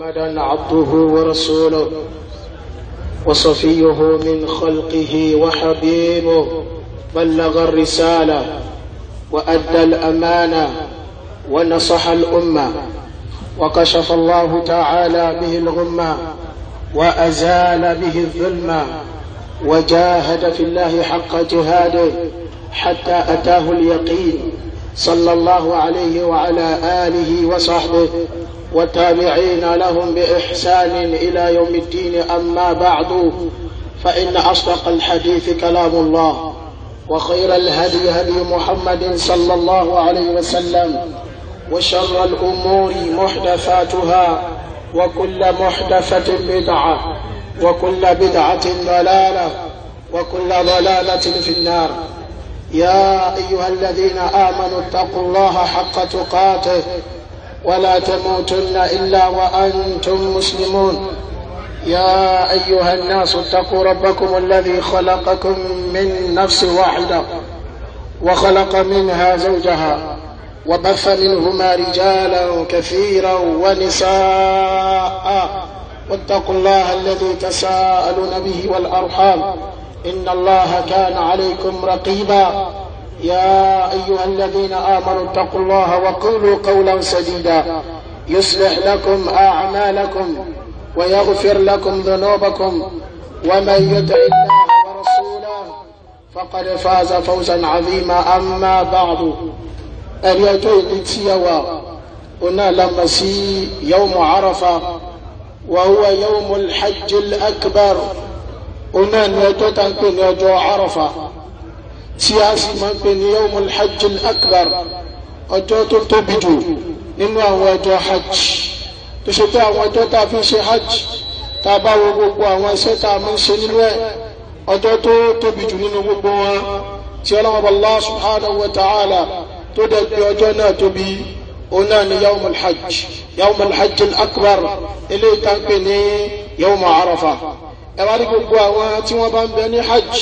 محمدا عبده ورسوله وصفيه من خلقه وحبيبه بلغ الرساله وادى الامانه ونصح الامه وكشف الله تعالى به الغمه وازال به الظلمه وجاهد في الله حق جهاده حتى اتاه اليقين صلى الله عليه وعلى اله وصحبه والتابعين لهم باحسان الى يوم الدين اما بعد فان اصدق الحديث كلام الله وخير الهدي هدي محمد صلى الله عليه وسلم وشر الامور محدثاتها وكل محدثه بدعه وكل بدعه ضلاله وكل ضلاله في النار يا ايها الذين امنوا اتقوا الله حق تقاته ولا تموتن الا وانتم مسلمون يا ايها الناس اتقوا ربكم الذي خلقكم من نفس واحده وخلق منها زوجها وبث منهما رجالا كثيرا ونساء واتقوا الله الذي تساءلون به والارحام ان الله كان عليكم رقيبا يا أيها الذين آمنوا اتقوا الله وقولوا قولا سديدا يصلح لكم أعمالكم ويغفر لكم ذنوبكم ومن يطع الله ورسوله فقد فاز فوزا عظيما أما بعد أريتو إتيوا هنا لما سي يوم عرفة وهو يوم الحج الأكبر هنا نتوتن كن عرفة tí a sì máa ń pè ní yawmul hajj akbar ọjọ́ tó tóbi jù nínú àwọn ọjọ́ hajj tó ṣe pé àwọn ọjọ́ tá a fi ń ṣe hajj tá a bá wo gbogbo àwọn iṣẹ́ tá a máa ń ṣe nínú ẹ̀ ọjọ́ tó tóbi jù nínú gbogbo wọn tí ọlọ́mọba Allah subhanahu wa ta'ala tó dẹ̀ gbé ọjọ́ náà tóbi òun náà ni yawmul hajj yawmul hajj akbar eléyìí tá a ń pè ní yawmul arafa ẹ wá rí gbogbo àwọn tí wọ́n bá ń bẹ ní hajj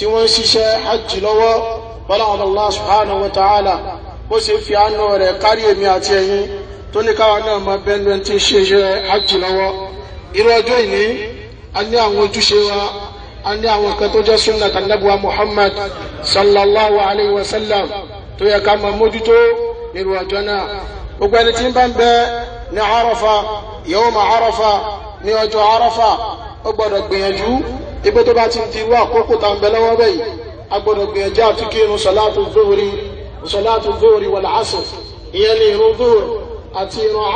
tí wọ́n ń ṣiṣẹ́ hajj lọ́wọ́ bọ́láwọn Allah subhanahu wa ta'ala bó ṣe fi àánú rẹ̀ kárí èmi àti ẹ̀yin tó ní káwa náà máa bẹ́ẹ̀ lóun ti ṣe iṣẹ́ hajj lọ́wọ́ irú ọjọ́ ìní a ní àwọn ojúṣe wa a ní àwọn kan tó jẹ́ sunnat anabuwa Muhammad sallallahu alayhi wa sallam tó yẹ ká máa mójútó nírú ọjọ́ náà gbogbo ẹni tí ń bá ń bẹ ní Arafa yawma Arafa ní ọjọ́ Arafa ó gbọ́dọ̀ gbìyànjú ibi tó bá ti ń di irú àkókò tá ń bẹ lọ́wọ́ bẹ́yìí a gbọ́dọ̀ gbìyànjú àti kírun sọ̀láàtù ihe sọ̀láàtù dóòrì wal asr ìyẹn ní irun dóòrì àti irun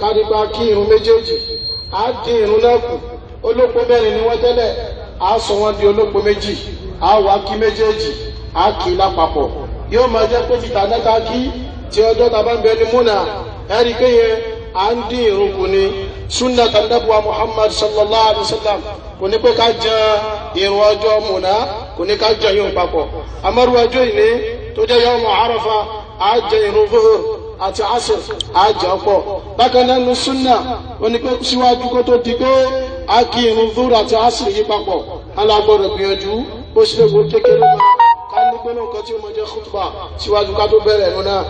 kárìgbà kí irun méjèèjì á irun náà kù olóko mẹ́rin ni wọ́n tẹ́lẹ̀ á sọ wọ́n di olóko méjì á kí méjèèjì á kì í lápapọ̀ yóò máa jẹ́ sunna tanabuwa muhammad sallallahu alaihi wasallam. sallam kò ní pé ká jẹun ìrun ọjọ́ múná kò ní ká jẹun yóò papọ̀ amaru ọjọ́ ìní tó jẹ́ yọ ọmọ arafa á jẹ ìrun zuhur àti asr á jẹ ọ̀pọ̀ bákan náà nu sunna ó ní pé síwájú kó tó di pé á kí ìrun zuhur àti asr yí papọ̀ alágbọ́dọ̀ gbìyànjú bó ṣe lè kékeré máa ká ní gbóná nǹkan tí ó mọ jẹ́ khutba síwájú ká tó bẹ̀rẹ̀ ẹnu náà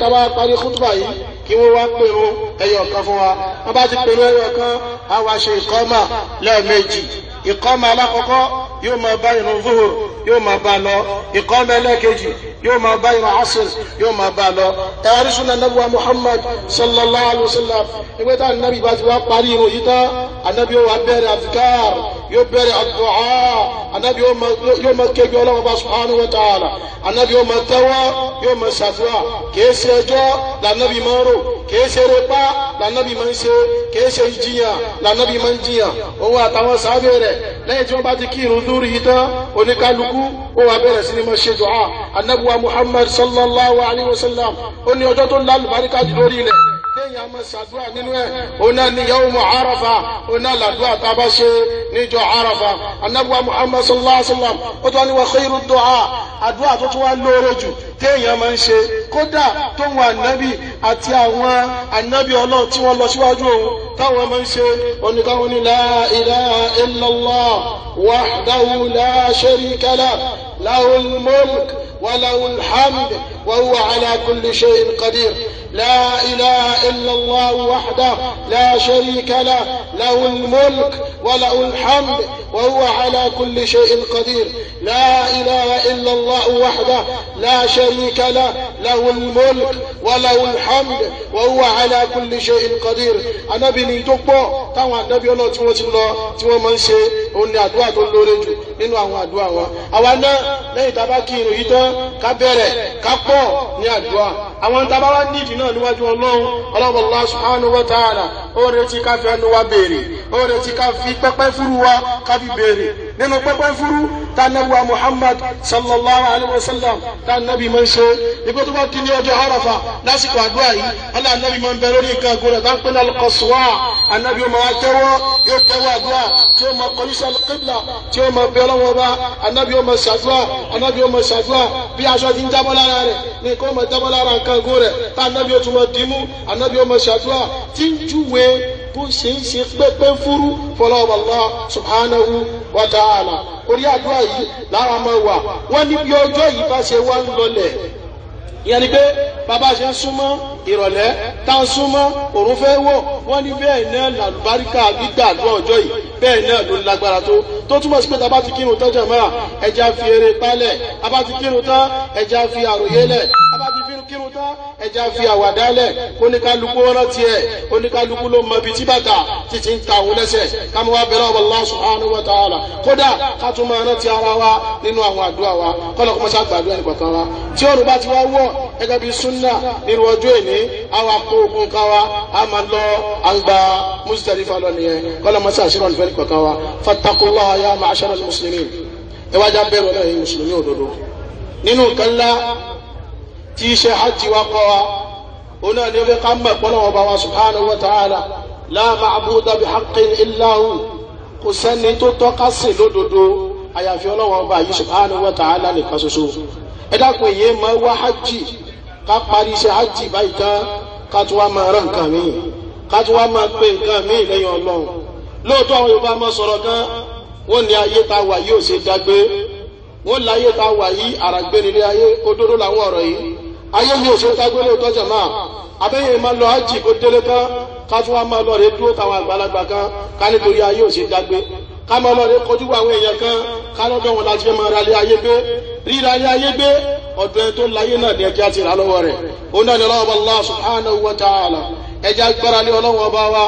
tá a bá parí khutba yìí kí wọ́n wá pèrún ẹyọ kan fún wa wọ́n bá ti pèrún ẹyọ kan á wá ṣe ìkọ́mà lẹ́ẹ̀mejì ìkọ́mà alákọ̀ọ́kọ́ yóò máa bá ìrun zuhur yóò máa bá lọ ìkọ́mà ẹlẹ́ẹ̀kejì yóò máa bá ìrun asir yóò máa bá lọ ẹ̀rí sunan nabuwa muhammad sallallahu alayhi wa sallam ìwé táwọn nabi bá ti wá parí irun yìí tán anabi yóò wá bẹ̀rẹ̀ adukar yóò bẹ̀rẹ̀ adu'a anabi yóò ma kébi ọlọ́wọ́ bá subhanahu wa ta'ala anabi yóò ma tẹ́wọ́ yóò ma ṣàdúrà kìí ṣe ẹjọ́ lànàbí máa ń rò kìí ṣe rẹpá lànàbí máa ń ṣe kìí ṣe jiyàn lànàbí máa ń jiyàn òun àtàwọn sábẹ́ rẹ̀ lẹ́yìn tí wọ́n bá ti kí irun dúró yìí tán oníkálukú ó wá bẹ̀rẹ̀ sí ni ma ṣe du'a anabi wa muhammad sallallahu alayhi wa sallam ó ní ọjọ́ tó lálùbáríkà lórí ilẹ̀. téèyàn máa ṣàdúrà nínú ẹ̀ ọ̀nà ni yawmu Arafa ọ̀nà làdúrà tá a bá ṣe níjọ Arafa anábùwà Muhammad sallallahu alayhi wa sallam ó tún wá ní wa khayru du'a àdúrà tó tún wá lóore jù téèyàn máa ń ṣe kódà tóun ànábì àti àwọn ànábì ọlọ́run tí wọ́n lọ síwájú òun táwọn máa ń ṣe oníkàwọn ní la ilaha illallah wahdahu la sharika lah lahul mulk wa lahul hamd wa huwa ala kulli shay'in qadir. لا إله إلا الله وحده لا شريك له له الملك وله الحمد وهو على كل شيء قدير لا إله إلا الله وحده لا شريك له له الملك وله الحمد وهو على كل شيء قدير أنا بني تقبو تاوى النبي الله تيوى تيوى تيوى من شيء أني أدوى تلوري جو nínú àwọn àdúrà wa àwa náà lẹ́yìn tá a bá kí irun yìí tán ká bẹ̀rẹ̀ ká pọ̀ ní náà níwájú ọlọ́run ọlọ́run Allah subhanahu wa ta'ala ó retí ká fi ẹnu wa béèrè ó retí ká fi pẹ́pẹ́ fúru wa ká fi béèrè nínú pẹ́pẹ́ fúru tá nàbíwá Muhammad sallallahu alayhi wa sallam tá nàbí máa ń ṣe ibi tó bá ti ní ọjọ́ Arafa lásìkò àdúrà yìí ọlá nàbí máa ń bẹ lórí nǹkan àgọ́ rẹ̀ tá ń pè ní alukọ̀sùwà ànàbí ó máa tẹ́wọ́ yóò tẹ́wọ́ àdúrà tí ó máa kọjú sí alukébìlà tí ó máa bẹ ọlọ́wọ́ bá ànàbí ó máa ṣàdúrà ànàbí ó máa ṣàdúrà bí aṣọ ti ń jábọ́ lára rẹ̀ ní ó tún máa dìímú anabi ó máa ṣàdúrà tí ń júwe bó ṣe ń ṣe pẹ́pẹ́ fúrú fọlọ́wọ́ Allah subhanahu wa ta'ala orí àdúrà yìí lára máa wà wọ́n ní bí ọjọ́ yìí bá ṣe wá ń lọlẹ̀ ìyẹn ni pé bàbá ṣe ń súnmọ́ ìrọ̀lẹ́ tá ń súnmọ́ òrùn fẹ́ wọ̀ wọ́n ní bẹ́ẹ̀ náà làlùbáríkà gbígbà àdúrà ọjọ́ yìí bẹ́ẹ̀ náà ló lágbára tó tó túmọ̀ sí pé tá a bá ti kírun tán jàmáà ẹja fi eré palẹ̀ a bá ti kírun tán ẹja fi àròyé lẹ̀ a bá ti kírun tán ẹja fi àwàdá lẹ̀ oníkálukú rántí ẹ̀ oníkálukú ló mọ ibi tí bàtà títí ń ta òun lẹ́sẹ̀ kámi wá bẹ̀rẹ̀ ọ̀bọ̀ Allah subhanahu wa ta'ala kódà ká tún máa rántí ara wa nínú àwọn àdúrà wa kọ́lọ̀ kọ́ mọ́ṣá gbàdúrà nípa kan wa tí òrùn bá ti wá wọ̀ gẹ́gẹ́ bí súnà nínú ọjọ́ ìní àwọn akọ ogun kan wa a máa lọ àgbà mùsùlùmí òdodo nínú nǹkan tí iṣẹ́ hajj wa kọ́ wa òun náà ni ó fẹ́ ká mọ̀ ìpọ́nlọ́wọ́ bá wa subhanahu wa ta'ala la ma'buda bihaqqin illa hu kò sẹ́ni tó tọ́ka sí lódodo àyàfi ọlọ́wọ́ bá yìí subhanahu wa ta'ala nìkan ṣoṣo ẹ dákun èyí mọ wá hajj ká parí iṣẹ́ hajj báyìí tán ká tún wá máa rán nǹkan míì ká tún wá máa pe nǹkan míì lẹ́yìn ọlọ́run lóòótọ́ àwọn yorùbá máa sọ̀rọ̀ gan wọ́n ní ayé ta wà yìí ò ṣe dágbé wọ́n láyé ta wà yìí àràgbé nílé ayé òdodo làwọn ọ̀rọ̀ yìí ayé mi ò ṣe ń kágbélé tọ́jà máa abẹ́yẹ máa lọ ájì kó délé kan ká tún wá máa lọ rè dúró táwọn àgbàlagbà kan ká nítorí ayé ò ṣe ń dágbé ká máa lọ rè kọjú àwọn èèyàn kan ká lọ́dọ̀ wọn láti fẹ́ máa ra ilé ayé gbé ríra ilé ayé gbé ọ̀dọ̀ ẹni tó láyé náà ni ẹja ti rà lọ́wọ́ rẹ̀ ó náà ní ọlọ́wọ́ Allah subhanahu wa ta'ala ẹja gbára lé ọlọ́wọ́ bá wa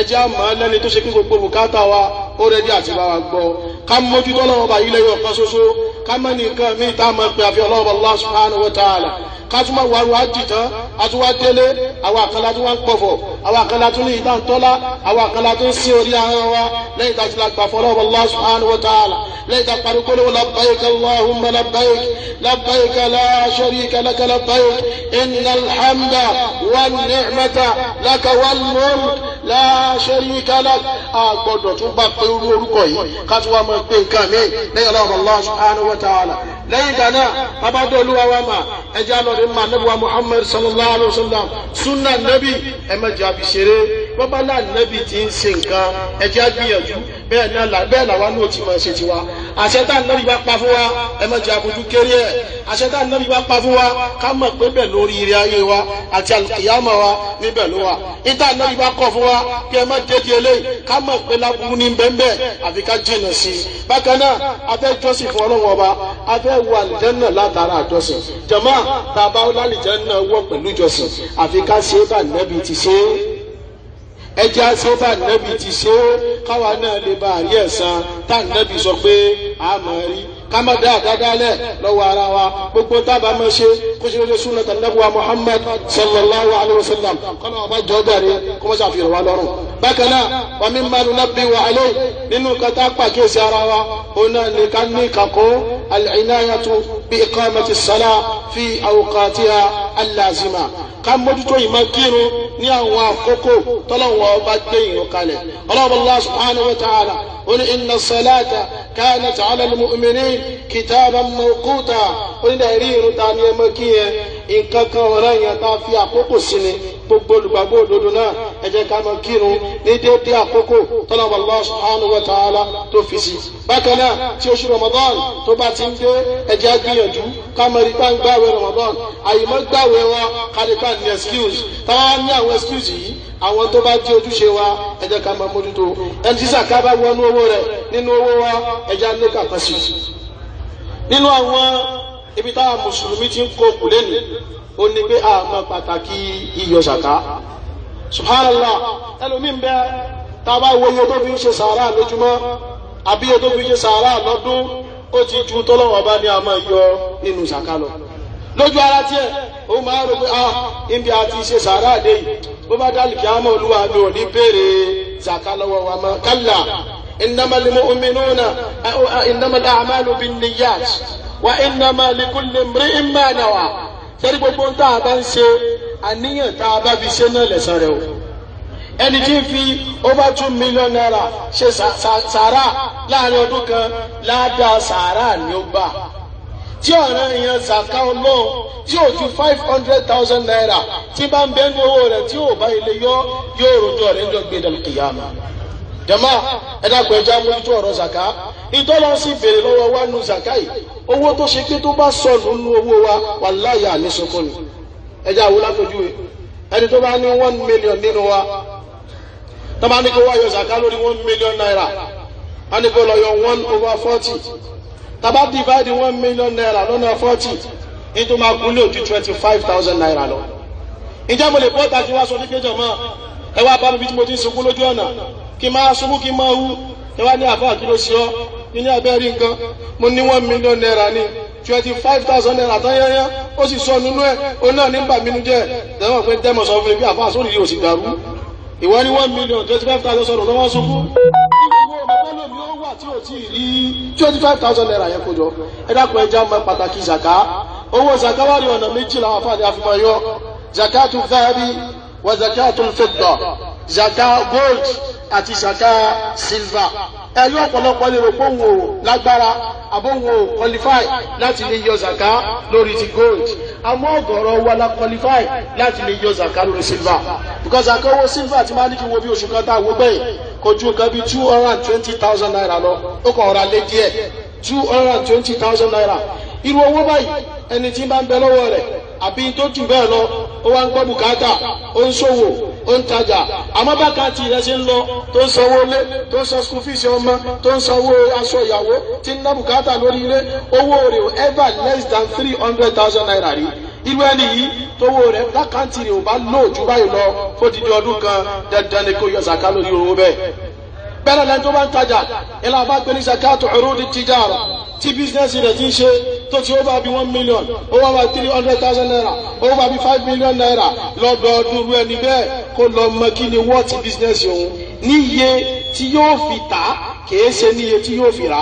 ẹja màá lẹ́ni tó ṣe kí gbogbo bùkátà wa ó rẹ́dí àti bá wa gbọ́ ká mójútó ọlọ́wọ́ bá yí lẹ́yìn ọ̀kan ṣoṣo kámọ́ nìkan mí tá ma pè àfi ọlọ́run Allah subhanahu wa ta'ala ka kátúmọ̀ wà wá dìtàn àtúwá délé àwọn àkànlá tó wá ń pọ̀fọ̀ àwọn àkànlá tó ní ìdá ń tọ́lá àwọn àkànlá tó ń sí orí ahọ́n wa wa ditan atuwa dele awon akanla to wa n awa kan la tun ni ida n tola awa kan la tun si ori ahon wa leyin ta a ti la gbà fọlọ́ Allah subhanahu wa ta'ala lẹ́yìn tá a parí kólówó labbaik Allahumma labbaik labbaik la sharika laka labbaik innal hamda wan ni'mata lak wal mulk. láṣẹ́ríkà àgbọ̀dọ̀ tó bá pé orú orúkọ yìí ká tó wá máa pé nǹkan mi lẹ́yìn ọlọ́run Allah subhanahu wa lẹ́yìn ìgbà náà abájọ́ olúwa wa mà ẹja lọ́ọ̀dún mà nẹ́bí muhammed sallallahu alayhi wa sallam sunna nẹ́bí ẹ̀mẹ́jọ àfi ṣeré bọ́bálà nẹ́bí ti ń ṣe nǹkan ẹja gbìyànjú bẹ́ẹ̀ làwa náà ti máa ṣe tiwa àṣẹ tá nẹ́bí bá pa fún wa ẹ̀mẹ́jọ àfojú kéré ẹ̀ àṣẹ tá nẹ́bí bá pa fún wa ká mọ̀ pé bẹ́ẹ̀ lórí ire ayé wa àti àlùkìyàmọ̀ wa níbẹ̀ ló wà ìta nẹ́bí bá kọ̀ fún wa kí ẹ má dédi eléyìí ká mọ̀ pé láburú ní bẹ́ẹ̀ bẹ́ẹ̀ àfi ká jìnnà sí i bákan náà a jọ́sìn fún ọlọ́run ọba wọ àlìjẹ́nà látara àjọsìn jọ̀mọ́ bàbá ọlálìjẹ́nà wọ̀ pẹ̀lú ìjọsìn àfi ká ṣe é bá nẹ́bi ti ṣe é ẹjẹ́ àṣẹ́bà nẹ́bi ti ṣe é káwa náà lè bá àrí ẹ̀sán tá nẹ́bi sọ pé a mọ̀ rí kama da dadalẹ lọ́wọ́ ara wa gbogbo tábà máa ṣe kó ṣe lóṣù náà nàbùwà Muhammad sallallahu alayhi wa sallam kọ́nà ọba jọ́ọ́ dàrí kó má ṣàfihàn wa lọ́rùn. bákan náà wà mí ma lù nábì wà alẹ́ nínú nǹkan tá a pàkíyèsí ara wa òun náà ní ká ní ìkàkó al-inayatu bi iqamati as fi awqatiha al-lazima. ká mójútó ìmọ̀ kírun ní àwọn àkókò tọ́lọ́wọ́ bá gbé ìrun kalẹ̀ Allah subhanahu wa ta'ala ó ní inna salata kanat ala al-mu'minin kitaban mawquta ó ní dẹ̀rí ìrun ta ni ẹ mọ́ kí yẹn nǹkan kan ọ̀rọ̀ yẹn tá a fi àkókò sí ni gbogbo olùgbàgbọ́ òdodo náà ẹ jẹ́ ká máa kírun ní déédéé àkókò tọ́lọ́wọ́ Allah subhanahu wa ta'ala tó fi sí. bákan náà tí oṣù Ramadan tó bá ti ń dé ẹ á gbìyànjú kámẹ́rì bá ń gbàwé Ramadan àyìnbó gbàwé wọn kálífà ní excuse táwa ní àwọn excuse yìí àwọn tó bá jẹ́ ojúṣe wa ẹ jẹ́ ká máa mójútó ẹni tí sàká bá wọnú owó rẹ̀ nínú owó wa ẹ jẹ́ ní kàpẹ́sì. nínú àwọn ibi táwa mùsùlùmí ti ń kó kù o ó ní pé àmọ́ pàtàkì iyọ̀ sàká subhanallah ẹlòmíín bẹ tá a bá wo iye tó fi ń ṣe sàárà lójúmọ́ àbí iye tó fi ń ṣe sàárà lọ́dún ó ti ju tọ́lọ́wọ́ bá ní a máa yọ nínú sàká lọ lójú ara tiẹ̀ ó máa rò pé ah níbi àti ṣe sàárà dé yìí bó bá dálì kí olúwa mi ò ní béèrè sàká lọ́wọ́ wa máa kálà إنما المؤمنون إنما الأعمال بالنيات وإنما لكل امرئ ما نوى. sẹ́ni gbogbo ń tá a bá ń ṣe àníyàn tá a bá fi ṣe náà lẹ̀san rẹ̀ o ẹni tí ń fi over two million naira ṣe sàárà láàrin ọdún kan ládàá sàárà ni ó gbà tí ọ̀ràn èèyàn zaka ọlọ́run tí ò ju five hundred thousand naira tí bá ń bẹ ní owó rẹ̀ tí ò bá ilé yọ yóò rojọ́ rẹ̀ ńjọ́ gbé dàlùkì yá ma. jama ẹ dákun ẹja mójútó ọ̀rọ̀ zaka ìtọ́lọ́ sì béèrè lọ́wọ́ wa nu zaka yìí owó tó ṣe pé tó bá sọnù nu owó wa wàláyà ní sọkọ́ni ẹja àwòlá kojú ẹni tó bá ní one million nínú wa tó bá ní kó wáyọ zaka lórí one million naira a ní kó lọ yọ one over forty tá divide one million naira lọ́nà forty nítorí máa kú twenty five thousand naira lọ. ìjà mo lè bọ́ tajú wá sọ ní péjọ mọ́ ẹ wá bá mi bí mo ti ń sunkún lójú ọ̀nà kí n máa sunkún kí n máa ẹ wá mo ní one million naira ní twenty five thousand naira tán yányán ó sì sọ nínú ẹ̀ náà ní bàmínú jẹ́ pé sọ fún mi bí ìwọ ní one million twenty five thousand sọ̀rọ̀ lọ́wọ́ sunkún tí ò tí rí twenty five thousand naira yẹn kójọ ẹ dákun ẹ já mọ pàtàkì zaka owó zaka wà ní ọ̀nà méjì làwọn afáàní àfihàn yọ zakatu zahabi wa zakatu fidda zaka gold àti ṣàdá silva ẹ̀rí ọ̀pọ̀lọpọ̀ lè rò pé òun ò lágbára àbóhun ò qualify láti lè ti gold àmọ́ ọ̀gọ̀rọ̀ wa la qualify láti lè yọ zaka lórí silva because àkọ́wọ́ silver ti máa ní kí wo bí oṣù kan tá a wo bẹ́ẹ̀ naira lọ ó kàn ọ̀rọ̀ alẹ́ díẹ̀ two naira irú owó báyìí ẹni tí ń bá ń bẹ lọ́wọ́ rẹ̀ àbí tó jù bẹ́ẹ̀ lọ ó wá ń ó ń tajà kanti ṣe ń lọ tó ń sanwó ilé tó ń san school fees ọmọ tó ń sanwó aṣọ ìyàwó tí ń ná bùkátà lórí ilé owó less than three hundred thousand naira rí irú ẹni yìí tówó rẹ̀ bákàtì rẹ̀ ò bá lóòjú báyìí lọ fódìdí kan dandan ni kó yọ sàká owó bẹ́ẹ̀ lẹ́ni tó bá ń tajà ilé àbá gbé ní zakatu urudi tijara tí bísíǹsì rẹ̀ ti ń ṣe tó ti over bí one million over by three hundred thousand naira over bí five million naira lọ́dọọdún irú ẹni bẹ́ẹ̀ kó lọ mọ kí ni wọ́ọ̀tì bísíǹsì òun ní iye tí yóò fi tà kìí ṣe ní iye tí yóò fi rà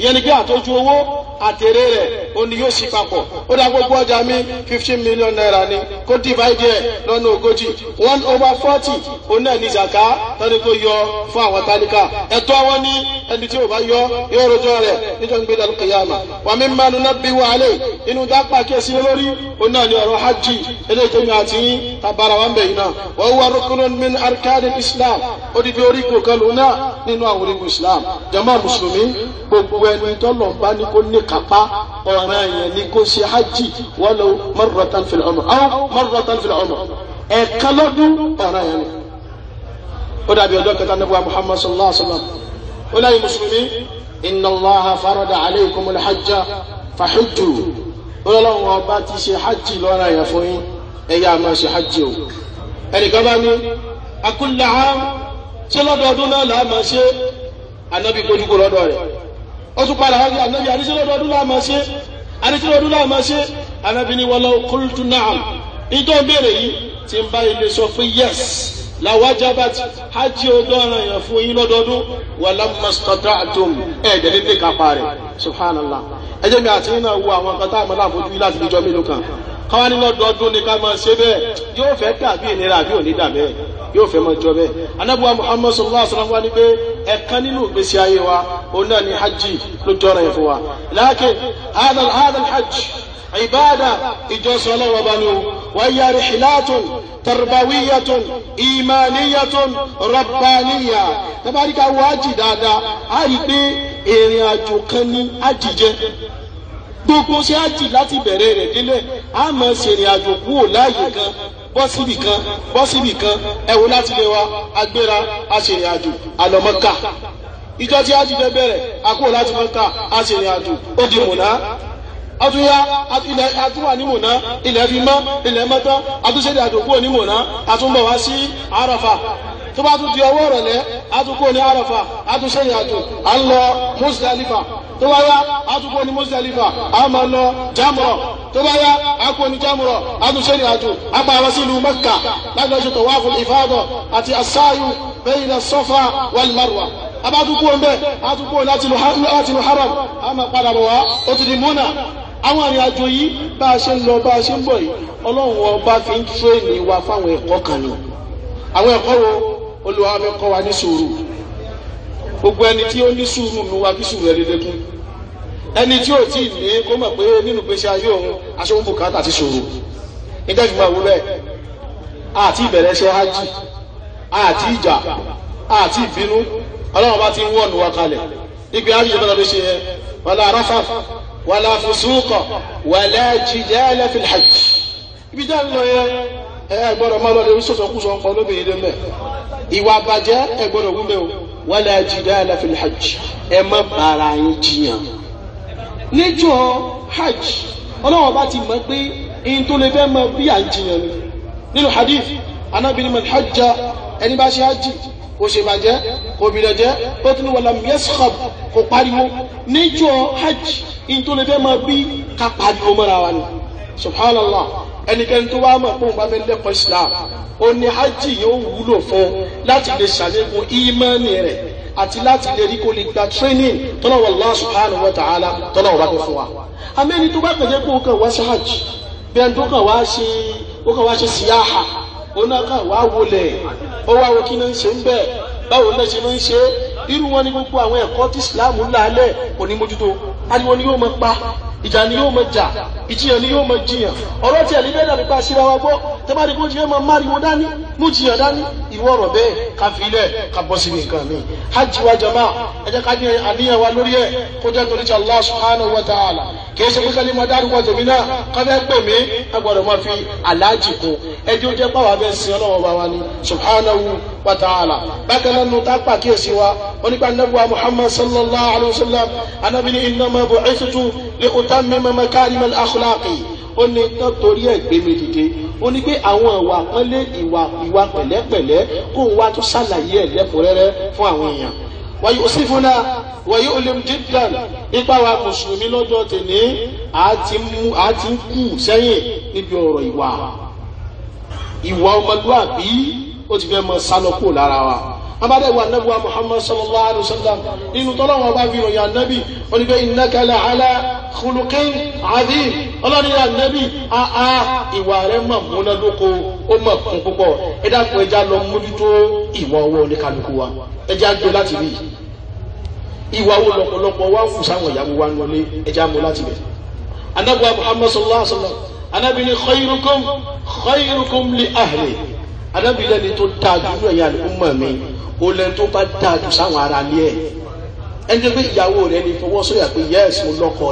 ìyẹn bí àtọ́jú owó àtẹ̀rẹ́ rẹ̀ òun ni yóò ṣí papọ̀ ó dá gbogbo ọjà mi fifteen million naira ni kó divide ẹ̀ lọ́nà ogójì one over forty òun náà ní zaka lọ́ni kó yọ fún àwọn tálíkà ẹ̀tọ́ wọn ní ẹni tí ò bá yọ yóò rojọ́ rẹ̀ níjọ́ gbé dàlú kìyàmà wà mí máa nu náà bí wà á lè inú dápà kíyèsí lórí òun náà ní ọ̀rọ̀ hajj eléyìí mi àti tabara wa ń bẹ̀ yìí náà wọ́n wá rukunun min arkadil islam odidi orígun kan lòun náà nínú àwọn orígun islam jama mùsùlùmí gbogbo ẹni tọ́lọ̀ ń bá ní kó ní kápá ọ̀ràn yẹn ni kó ṣe hajj walau marratan fil umr aw marratan fil umr ẹ̀ẹ̀kan lọ́dún ọ̀ràn yẹn ni. ó dàbí ọjọ́ kẹta nígbà muhammad sallallahu alayhi wa sallam ó láyé mùsùlùmí inna allaha farada alaykumul hajja fahujju ọlọ́run ọba ti ṣe hajj lọ́ràn yẹn fún yín ẹ̀yà máa ṣe hajj o ẹnìkan bá ní akúlẹ̀ àá ṣé lọ́dọọdún náà làá máa ṣe ànábì gbójúkó lọ́dọ̀ rẹ̀ ó tún padà wá sí ànábi àdísílódọ́dún láàmú ṣe àdísílódún láàmú ṣe ànábi ní wọlé kúlùtù náà ìjọ béèrè yìí ti ń bá ilé sọ fún yes làwájábàtì hajj ọdọ́ràn yẹn fún yín lọ́dọọdún wà lámàsítọ́tà àtòm ẹ̀ẹ́dẹ̀lẹ́ ní kápá rẹ̀ subhanallah ẹ jẹ́ mi àti yín náà wo àwọn nǹkan tá a máa láàbójú yín láti níjọ́ kan káwá ní lọ́dọọdún ni ká máa ṣe bẹ́ẹ̀ yóò fẹ́ dàbí ìnira àbí òní dàbẹ́ẹ̀ yóò fẹ́ mọ́ jọ bẹ́ẹ̀ anábùwà muhammad sallallahu alaihi wa sallam wá ní pé ẹ̀kan nínú ìgbésí ayé wa òun náà ni hajj ló jọra ẹ̀ fún wa láàkè hadal hadal hajj ibada ìjọsìn ọlọ́wọ́ bá ní o wáyà rìhìlátùn tarbawiyatun imaniyatun rabbaniya tabarika wo hajj dáadáa a rí pé ìrìn àjò kan ní hajj jẹ́ gbogbo ṣe hajj láti bẹ̀rẹ̀ rẹ̀ délẹ̀ a máa ṣèrìn àjò kúrò láàyè kan bọ́ síbì kan bọ́ síbì kan ẹ wo láti lè wa agbéra aṣèrìn àjò àlọ́mọ́ká ìjọ tí ájú fẹ́ bẹ̀rẹ̀ àkúrò láti mọ́ká aṣèrìn àjò ó di mùnà àtúnyá ilẹ̀ àtúwà ní mùnà ilẹ̀ fi mọ́ ilẹ̀ mọ́tọ́ àtúnṣẹ́lẹ̀ àjò kúrò ní mùnà àtúnbọ̀ wá sí àràfà tó bá tún di ọwọ́ rẹ̀ lẹ́ àtúnkò ní àràfà àtúnṣẹ́lẹ̀ àjò à ń lọ Muzdalifa tó bá yá àtúkò ní mọ́sálífà a máa lọ jámọ̀rọ̀ tó bá yá àkó ní jámọ̀rọ̀ àtúnṣe ní àjò apá àwọn sí ìlú mẹ́kà láti lọ́jọ́ tó wá fún ìfáàdọ̀ àti àsáyù bẹ́yìn sọ́fà wàlúmárùwà abátukú ọmọ atukú láti lu haram a padà bọ̀ wá ó ti di múnà àwọn àrìn àjò yìí bá a ṣe ń lọ bá a ṣe ń bọ̀ yìí ọlọ́run ọba fi ń tírénì wa fáwọn ẹ̀kọ́ kan ni àwọn ẹ̀kọ́ wo olùwàmẹ́kọ́ wa ní sùúrù gbogbo ẹni tí ó ní sùúrù nu wa kí sùúrù ẹni lékún ẹni tí ò tí ì ní kó mọ̀ pé nínú gbèsè ayé òun aṣọ òun bùkátà ti ṣòro nígbà tí mo wúlò ẹ̀ àti ìbẹ̀rẹ̀ ṣe hajj àti ìjà àti ìbínú ọlọ́run bá ti ń wọ̀nù wa kalẹ̀ ibi ayé ìjọba lọ́dún ṣe yẹn wàlá rafa wàlá fusuqa wàlá jidala fil ibi jẹ́ ń lọ yẹn ẹ gbọ́dọ̀ máa lọ́dún sọ̀sọ̀kúsọ̀ ń pọ̀ lé mẹ́ ìwà àbàjẹ́ ẹ gbọ́dọ̀ wú o wala jidala fil hajj ẹ má bára yín jiyàn níjọ́ hajj ọlọ́wọ́n bá ti mọ̀ pé ihun tó lè fẹ́ mọ bí à ń jiyàn ni nínú hadith anábìrin man hajja ẹni bá ṣe hajj kò ṣe bàjẹ́ kò bìrẹ̀ jẹ́ ó tún wọlé miẹ́sọ̀b kò pariwo níjọ́ hajj ihun tó lè fẹ́ mọ bí ká pariwo mọ́ra wa ni subhanallah ẹnikẹ́ni tó wá mọ̀ pé òun bá fẹ́ lẹ́kọ̀ọ́ islam ó ní hajj yóò wúlò fún láti lè ṣàlékún ímánì rẹ̀ àti láti lè rí kó lè gba training tọ́lá wà Allah subhanahu wa ta'ala tọ́lá wà bá fún wa. amẹ́ni tó bá kẹ̀jẹ́ pé ó kàn wá sí hajj bẹ́ẹ̀ tó kàn wá ṣe ó kàn wá ṣe síyáhà òun náà kàn wá wọlé ó wá wo kí náà ń ṣe ń bẹ́ẹ̀ báwo náà ṣe ń ṣe irú wọn ni gbogbo àwọn ẹ̀kọ́ tí islam ń ìjà ni yóò mọ jà ìjiyàn ni yóò mọ jiyàn ọ̀rọ̀ tí ẹ̀lí bẹ́ẹ̀ dàbí pa síra wa gbọ́ tẹ́bárí kó jiyàn máa máriwo dání mú jiyàn dání ìwọ ọ̀rọ̀ bẹ́ẹ̀ ká fi ilẹ̀ ká bọ́ sí nǹkan mi hajj wa jama ẹ jẹ́ ká ní àníyàn wa lórí ẹ̀ kó jẹ́ torí ti Allah subhanahu wa ta'ala kìí ṣe pé kálí máa dárúkọ tèmi náà ká fẹ́ pè mí ẹ gbọ́dọ̀ máa fi aláàjì kù ẹ jẹ́ pàwọ́ abẹ́ sin ọlọ́wọ́ bá wa ni subhanahu wa ta'ala bákan náà nu tá onípa anabuwa محمد صلى الله عليه وسلم أنا ni إنما bu'ithtu لأتمم utammima makarimal akhlaqi ó ní tán torí ẹ̀ gbé mi dìde ó ní pé àwọn ìwà pọ́nlé ìwà ìwà pẹ̀lẹ́pẹ̀lẹ́ kó ń wá tó ṣàlàyé ẹ̀ lẹ́kùnrẹ́rẹ́ fún àwọn èèyàn wàyí òsínfúnà wàyí olùdíjàn ipa wa mùsùlùmí lọ́jọ́ tèmi àti ń kù sẹ́yìn níbi ọ̀rọ̀ ìwà ìwà ọmọlúwàbí ó ti fẹ́ mọ sálọ́kù lára wa abada wa anabi wa muhammad sallallahu alayhi wa sallam inú tọ́lọ́ wọn bá fi ròyìn anabi wọn ni bẹ́ẹ̀ innaka la ala khuluqin azim ọlọ́ni anabi aa ìwà rẹ̀ mà múnádóko ó mà kún púpọ̀ ẹ dákun ẹja lọ mójútó ìwà ọwọ́ oníkálukú wa ẹja gbé láti rí ìwà wo lọ́pọ̀lọpọ̀ wá fún sáwọn ìyàwó wa nílé ẹja mú láti bẹ̀ anabi wa muhammad sallallahu alayhi wa sallam anabi ni khayrukum khayrukum li ahli anabi lẹni tó dáa jùlọ ẹ̀yà àlùkò mọ̀ mi o lẹ́nu tó bá dáa jù sáwọn ara ní ẹ̀ ẹni tó gbé ìyàwó rẹ̀ ní fọwọ́ sọ̀yà pé yẹ́ẹ̀sì mo lọ́kọ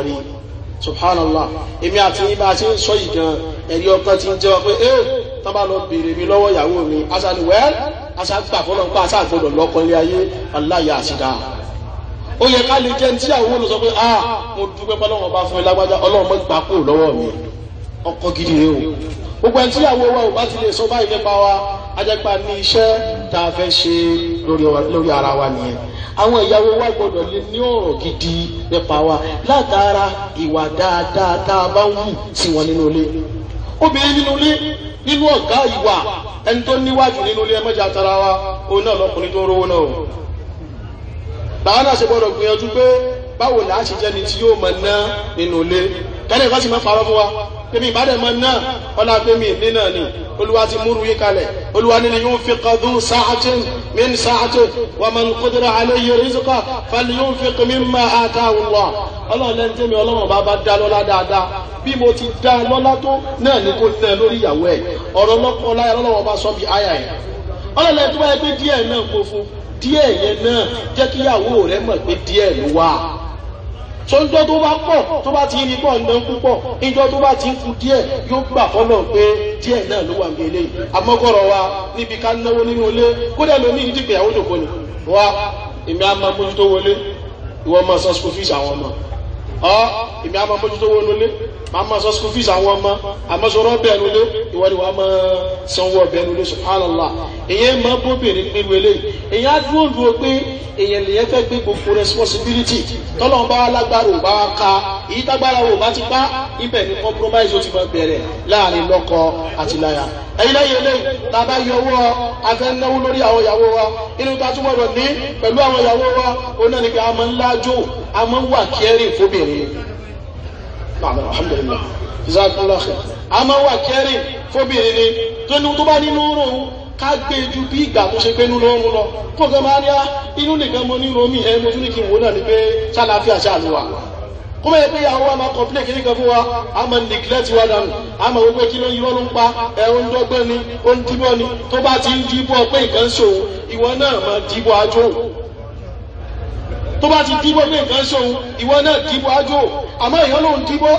subhanallah èmi àti yín bá a ti ń sọ yìí gan ẹ̀rí ọkàn ti ń jẹ́ ọ pé ẹ́ eh, tó bá lọ béèrè mi lọ́wọ́ ìyàwó mi àṣà ni wẹ́ẹ́ àṣà gbà fọlọ́ pé àṣà àgbọ̀dọ̀ lọ́kọ ilé ayé aláya àṣìdá ó yẹ ká lè jẹ́ ní tí àwọn sọ pé ah mo dúpẹ́ pẹ́ lọ́wọ́ bá fún ẹ lágbájá ọlọ́run mọ́ gbà kúrò lọ́wọ́ mi ọkọ gidi rèé o gbogbo ẹni tíyàwó wa ò bá ti lè sọ báyìí nípa wa ajẹ́pà ní iṣẹ́ tá a fẹ́ ṣe lórí ara wa nìyẹn àwọn ìyàwó wa gbọ́dọ̀ lè ní ọ̀rọ̀ gidi nípa wa látara ìwà dáadáa tá a bá ń wù sí wọn nínú ilé obìnrin nínú ilé nínú ọ̀gá ìwà ẹni tó níwájú nínú ilé ẹmọ́jà tara wa òun náà lọkùnrin tó rówó náà làwọn náà ṣe gbọ́dọ̀ gbìyànjú pé báwo làá ṣe jẹ́ni tí yóò mọ̀ ná nínú ilé kẹ́lẹ́ ìfásitì máa farọ́ fún wa tẹ̀mí ìbádẹ́mọ náà ọlá tẹ̀mí ìní náà ni olúwa ti múru yí kalẹ̀ olúwa nínú yóò fi kàdú sáàtì min sáàtì wà máa ń kúndìrà alẹ́ yìí rizqa fali yóò fi kàmí ma àtà wùwà ọlọ́run lẹ́nu tẹ̀mí ọlọ́run bá bá dá lọ́lá dáadáa bí mo ti dá lọ́lá tó náà ni kò ná lórí ìyàwó ẹ̀ ọ̀rọ̀ lọ́kọ̀ ọláyà ọlọ́run bá sọ bí àyà ẹ̀ ọlọ́run tó bá yẹ pé díẹ̀ náà kó fún díẹ̀ yẹn náà jẹ́ kíyàwó rẹ̀ so ìjọ tó bá pọ̀ tó bá ti ní pọ̀ ǹdán púpọ̀ ìjọ tó bá ti ń kú díẹ̀ yóò gbà fọ́lọ̀ pé díẹ̀ náà ló wà ní eléyìí wa níbi ká náwó nínú ilé kódà lómi ìdíje ìyàwó lòpọ̀ ni wa èmi á mójútó wọlé ìwọ máa san school fees àwọn ọmọ ọ èmi á mójútó wọlé màá ma sọ school fees àwọn ọmọ àmọ́sọ̀rọ̀ ọbẹ̀ ẹnu lé ìwádìí wàá ma sanwó ọbẹ̀ ẹnu lé subhanallah èyàn máa bóbìnrin nínú eléyìí èyàn á dúró dúró pé èyàn lèyàn fẹ́ gbé gbogbo responsibility tọ́lọ́n bá lágbára ò bá wa ka èyí tágbára ò bá ti pa ibẹ̀ ni compromise ó ti máa bẹ̀rẹ̀ láàrin lọ́kọ àti láya ẹ̀yin lẹ́yìn eléyìí tá a bá yọ owó afẹ́ náwó lórí àwọn ìyàwó wa inú ta tún gbọ́dọ̀ ní pẹ̀lú àwọn ìyàwó wa ó náà ní pé a máa ń lájò a máa nàbẹ alhamdulilah jazakallah khair a máa wà kẹrin fóbìnrin ni tó ní tó bá ní lóorùn ká gbé ju bí ìgbà tó ṣe pé nínú lóorùn lọ fún ọgá máa ní á ah, inú nìkan mo ní romi ẹ mo tún ní kí n wò náà ni pé ṣàlàáfíà ṣàlùwà kúmọ̀ ẹ pé àwọn àmà kọ̀pílẹ̀ kìíní kan fún wa àmà nìgílẹ́tì wa dànù àmà gbogbo kí ló ń yọ ń pa ẹ dọ́gbọ́n ni ó ń díbọ́ ni tó bá ti ń díbọ́ pé nǹkan ṣòwò ìwọ náà máa díbọ́ ajó tó bá ti díbọ́ pé nǹkan ṣe òun ìwọ náà díbọ́ ájò àmọ́ èèyàn lòun díbọ́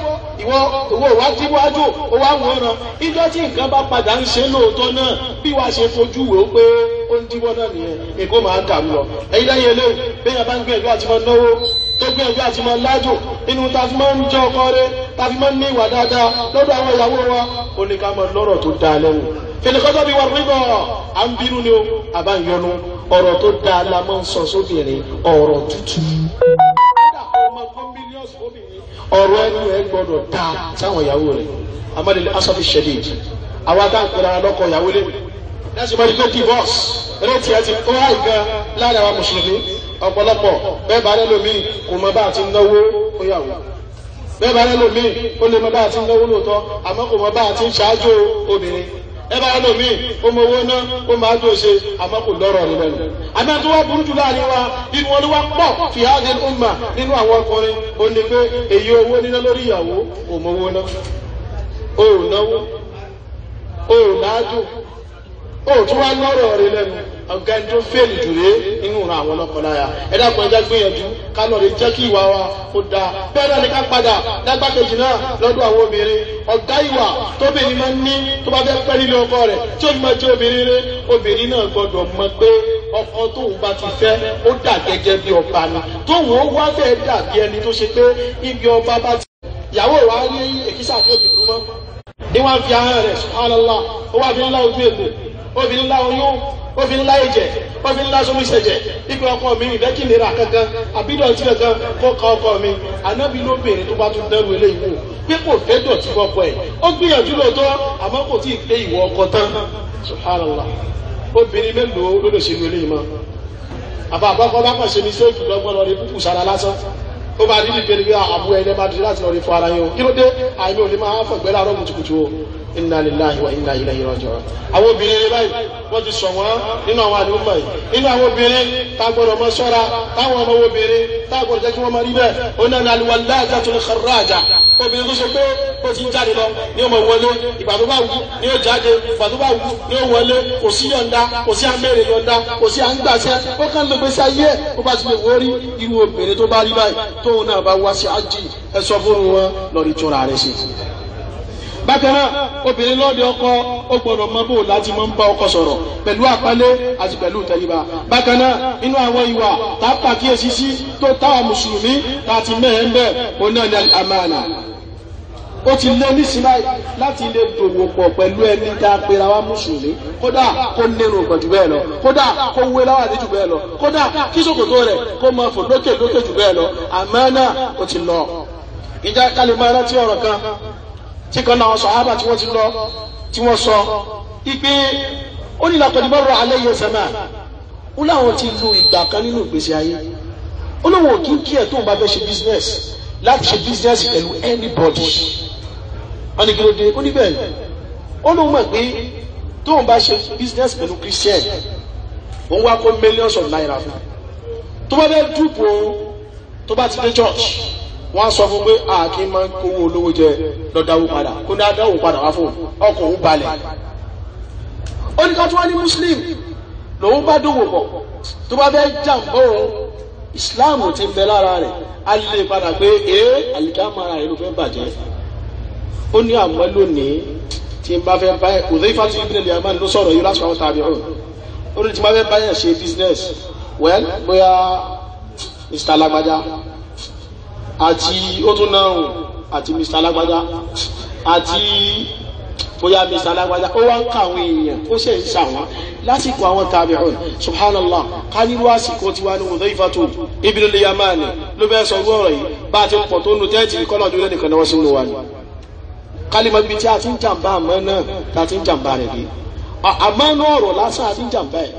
ìwọ ìwọ wá díbọ́ ájò ó wá wọ́n ran ìjọ tí nǹkan bá padà ń ṣe lóòótọ́ náà bí wàá ṣe fojú wò ó pé ó ń díbọ́ náà nìyẹn èkó máa ń dàrú lọ ẹ̀yin lẹ́yìn eléyìí bẹ́ẹ̀ bá ń gbìyànjú àti máa náwó tó gbìyànjú àti máa lájò nínú ta fi máa ń jẹ́ ọkọ rẹ ta fi máa ń ní ìwà dáadáa lọ́dọ̀ àwọn ìyàwó wa ó ní ká máa lọ́rọ̀ tó dáa lẹ́nu fèlè bí wà rí bọ̀ à ń bínú ni ó àbá ń ọ̀rọ̀ tó dáa la máa ń sọ sóbìnrin ọ̀rọ̀ tútù. ọ̀rọ̀ ẹnu ẹ gbọ́dọ̀ dáa sáwọn ìyàwó rẹ̀ amadede asọ́fi ṣẹlẹ̀ yìí àwa tá à ń pera lọ́kọ ìyàwó lé lẹ́sìn mọ́ni pé divorce rẹ́tì ẹ ti kó àìgbẹ́ láàrin àwa mùsùlùmí ọ̀pọ̀lọpọ̀ bẹ́ẹ̀ bá rẹ́ lómi kò mọ bá àti náwó fúnyàwó bẹ́ẹ̀ bá rẹ́ lómi ó lè mọ bá àti náwó lóòótọ́ àmọ́ kò mọ bá àti ṣáájú obìnrin ẹbá a ọmọ owó ná ó máa tó ṣe àmọ́ kò lọ́rọ̀ nílẹ̀ ni àmọ́ wá láàrin wa nínú wọn ló wá pọ̀ fi ọmọ nínú àwọn ọkùnrin ó ní pé èyí owó níná lórí ìyàwó ọmọ owó o náwó o ò o tún wá ọ̀gá tó fẹ́ẹ̀lì dùré inú ra àwọn ọlọ́kọláya ẹ dákun ẹja gbìyànjú ká lọ lè jẹ́ kí ìwà wa ó da bẹ́ẹ̀ náà ni ká padà lágbàkejì náà lọ́dọ̀ àwọn obìnrin ọ̀gá ìwà tóbìnrin máa ń ní tó bá fẹ́ pẹ́ nílé ọkọ rẹ̀ tí ó ti máa jẹ́ obìnrin rẹ̀ obìnrin náà gbọ́dọ̀ mọ̀ pé ọkọ tóun bá ti fẹ́ ó dà gẹ́gẹ́ bí ọba ni tóun ó wá fẹ́ẹ́ dàbí ẹni tó ṣe pé ibi ọba bá ti ìyàwó wa rí èkísà tó bìnú mọ́ ni wọ́n fi ahọ́n rẹ̀ subhanallah ó wà bí ńlá ojú ègbò obìnrin láwọn yóò wọ́n fi ńlá ẹ̀jẹ̀ wọ́n fi ńlá sọmú ìṣẹ̀jẹ̀ ikú ọkọ mi ìfẹ́ kí lè ra kankan àbídọ̀tí kankan kó ka ọkọ mi ànábì ló béèrè tó bá tún dẹrù eléyìí wò pé kò fẹ́ dọ̀tí ọkọ ẹ̀ ó gbìyànjú lóòótọ́ àmọ́ kò tí ì pé ìwọ ọkọ tán subhanallah obìnrin mélòó ló lè ṣe lu eléyìí mọ́ àbá àbọ̀kọ́ bá kàn ṣe ní sẹ́ẹ̀kì lọ́gbọ́n lọ ó bá dídì pé níbi àbú ẹni bá dídì láti lọ rí fún ara yín o kí ló dé àìní ò lè máa fọ̀gbẹ́ láàárọ̀ kùtùkùtù o inna lillahi wa inna ilayhi raji'un. àwọn obìnrin rẹ báyìí wọ́n ti sọ wọ́n nínú àwọn àdúgbò yìí nínú àwọn obìnrin tá gbọ́dọ̀ mọ ṣọ́ra táwọn ọmọ obìnrin tá gbọ́dọ̀ jẹ́ kí wọ́n máa rí bẹ́ẹ̀ ó náà ní aliwalaja tó ní kharraja obìnrin tó ṣe pé ó ti ń jáde lọ ní ọmọ ìwọlé ìgbà tó bá wù ní ó jáde ìgbà tó bá wù ní ó wọlé kò sí yọ̀ǹda kò sí àmẹ́rẹ̀ yọ̀ǹda kò sí àǹgbàṣẹ ó kàn ló gbèsè ayé ẹ̀ ó bá ti lè wọ́rí irú obìnrin tó bá rí báyìí tóun náà bá wá sí ájì ẹ sọ fún wọn lọ́ọ́ rí túnra rẹ̀ ṣe. bakana náà obìnrin lọ́ọ̀dẹ ọkọ ó gbọ́dọ̀ mọ bó láti mọ ń ọkọ sọ̀rọ̀ pẹ̀lú àpálẹ́ àti pẹ̀lú tẹríba bákan bakana inú àwọn ìwà tá a pàkíyèsí sí tó táwa mùsùlùmí tá a ti mẹ́ẹ̀ ń bẹ̀ òun náà ní ó ti lé nísìnyí láti lè dòwò pọ̀ pẹ̀lú ẹni tá a pera wa mùsùlùmí kódà kó nínú jù bẹ́ẹ̀ lọ kódà kó wé láwàdí jù bẹ́ẹ̀ lọ kódà kí tí kan náà sàhábà tí wọ́n ti lọ tí wọ́n sọ ipe ó ní laqad marra alayya zaman ó láwọn ti lu ìgbà kan nínú ìgbésí ayé ó lóun ò kí ń bá fẹ́ ṣe business láti ṣe business pẹ̀lú anybody wọ́n ní kí ló dé ó ní bẹ́ẹ̀ ó lóun mọ̀ pé tóun bá ṣe business pẹ̀lú christian òun wá kó millions of naira fún un tó bá fẹ́ dúpọ̀ tó bá ti dé church wọ́n sọ fún pé àkí máa ń kówó olówó jẹ lọ́dáwó padà kó ní adáwó padà wá fún ọkọ̀ òun balẹ̀ ó ní ká tó wá ní muslim lòun bá dòwò pọ̀ tó bá fẹ́ jàǹbá òun islam ti bẹ lára rẹ̀ a lè padà pé ee àlìkámà ara rẹ̀ ló fẹ́ bàjẹ́ ó ní àmọ́ lónìí tí n bá fẹ́ báyẹ̀ Udhaifatu ibn al-Yaman ló sọ̀rọ̀ yìí lásìkò àwọn tàbí ọ̀hún ó ní tí n bá fẹ́ báyẹ̀ ṣe business well bóyá mr lagbaja àti ó tún náà hùn àti mr alágbádá àti bóyá mr alágbádá ó wá ń ka àwọn èèyàn ó sì ń sa wọn lásìkò àwọn tabi'un subhanallah kánírú àsìkò tiwa ní Hudhaifatu ibn al-Yaman ló bẹ́ẹ̀ sọ ọ̀rọ̀ yìí bá a ti pọ̀ tó nu tẹ́ẹ̀tì kọ́lọ̀ ọdún lẹ́nìkan náà wọ́n sì ń lo wa ni kálímọ̀ ibi tí a ti ń jàǹbá àmọ́ náà tá a ti ń jàǹbá rẹ̀ dé àmọ́ náà ọ̀rọ̀ lásán a ti ń jàǹbá ẹ̀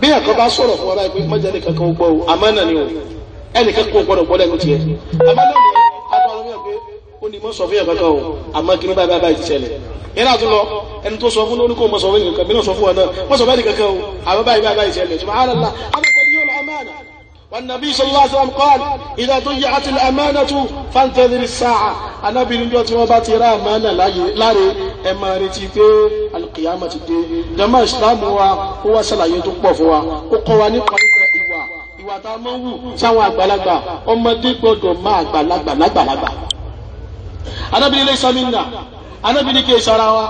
bí ẹ̀kọ́ bá sọ̀rọ̀ fún wa ẹnìkan kó gbọ́dọ̀ gbọ́dọ̀ ẹnu tiẹ̀ àmọ́ lónìí agbára mi pé ó ní mọ sọ fún yàn kankan o àmọ́ kí ní báyìí báyìí ti ṣẹlẹ̀ yẹn láti lọ ẹni tó sọ fún lórí kó mọ sọ fún yàn kankan bí náà sọ fún wa náà mọ sọ fún kankan o àmọ́ báyìí báyìí ṣẹlẹ̀ subhanallah والنبي صلى الله عليه وسلم قال إذا ضيعت الأمانة فانتظر الساعة أنا بنجوة وباتي رامانا لاري ẹmọ̀rìtì pé alìkìyàmọ̀ ti dé jama ìsìlámù wa ó wá sàlàyé tó pọ̀ fún wa ó kọ́ wa nípa ìwà tá a wù sáwọn àgbàlagbà ọmọdé gbọdọ̀ àgbàlagbà lágbàlagbà. anábìrin anábìrin kì í sọra wa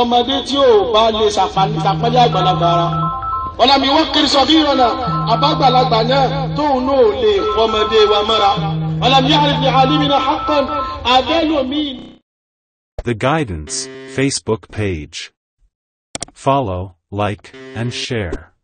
ọmọdé tí ò bá lè àgbàlagbà wọn wọn kiri àbágbàlagbà náà tóun náà lè fọmọdé wa mọ́ra wọn abẹ́lómi. The Guidance Facebook page. Follow, like, and share.